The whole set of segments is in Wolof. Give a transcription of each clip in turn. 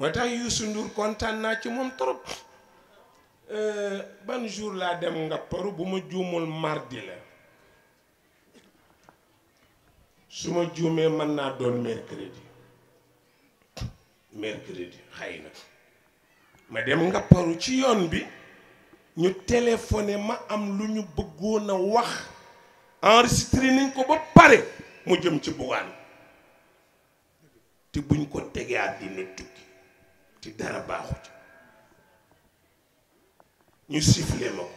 moo tax Youssou Ndour kontaan naa ci moom trop euh, ban jour laa dem nga paru bu ma juumul mardi la su ma juumee mën naa doon mercredi mercredi xëy na ma dem nga paru ci yoon bi ñu téléphoné ma am lu ñu bëggoon a wax enregistré nañ ko ba pare mu jëm ci Bougane te buñ ko tegee àddina tukki dara baaxut ñu sifflé ma ko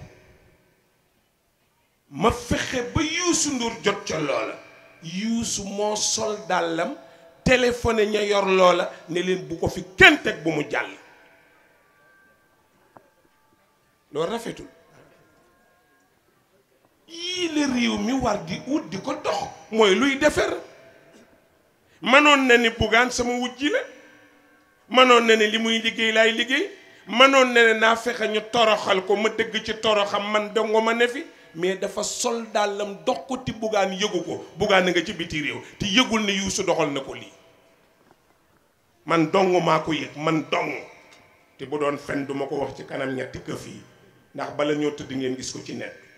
ma fexe ba yuusu ndur jot ca loola yuusu moo sol dàllam téléphoné ña yor loola ne leen bu ko fi kenn teg bu mu jàll loolu rafetul yii la réew mi war di ut di ko dox mooy luy defar mënoon na ni bugaan sama wujji la mënoon na ne li muy liggéey laay liggéey manoon na ne naa fexe ñu toroxal ko ma dëgg ci toroxam man dongo ma ne fi mais dafa sol dàllam dox ko ti buggaan yëgu ko buggaan na nga ci biti réew te yëgul ne yuusu doxal na ko lii man dong maa ko yëg man dong te bu doon fen duma ko wax ci kanam ñetti këf yi ndax bala ñoo tëdd ngeen gis ko ci net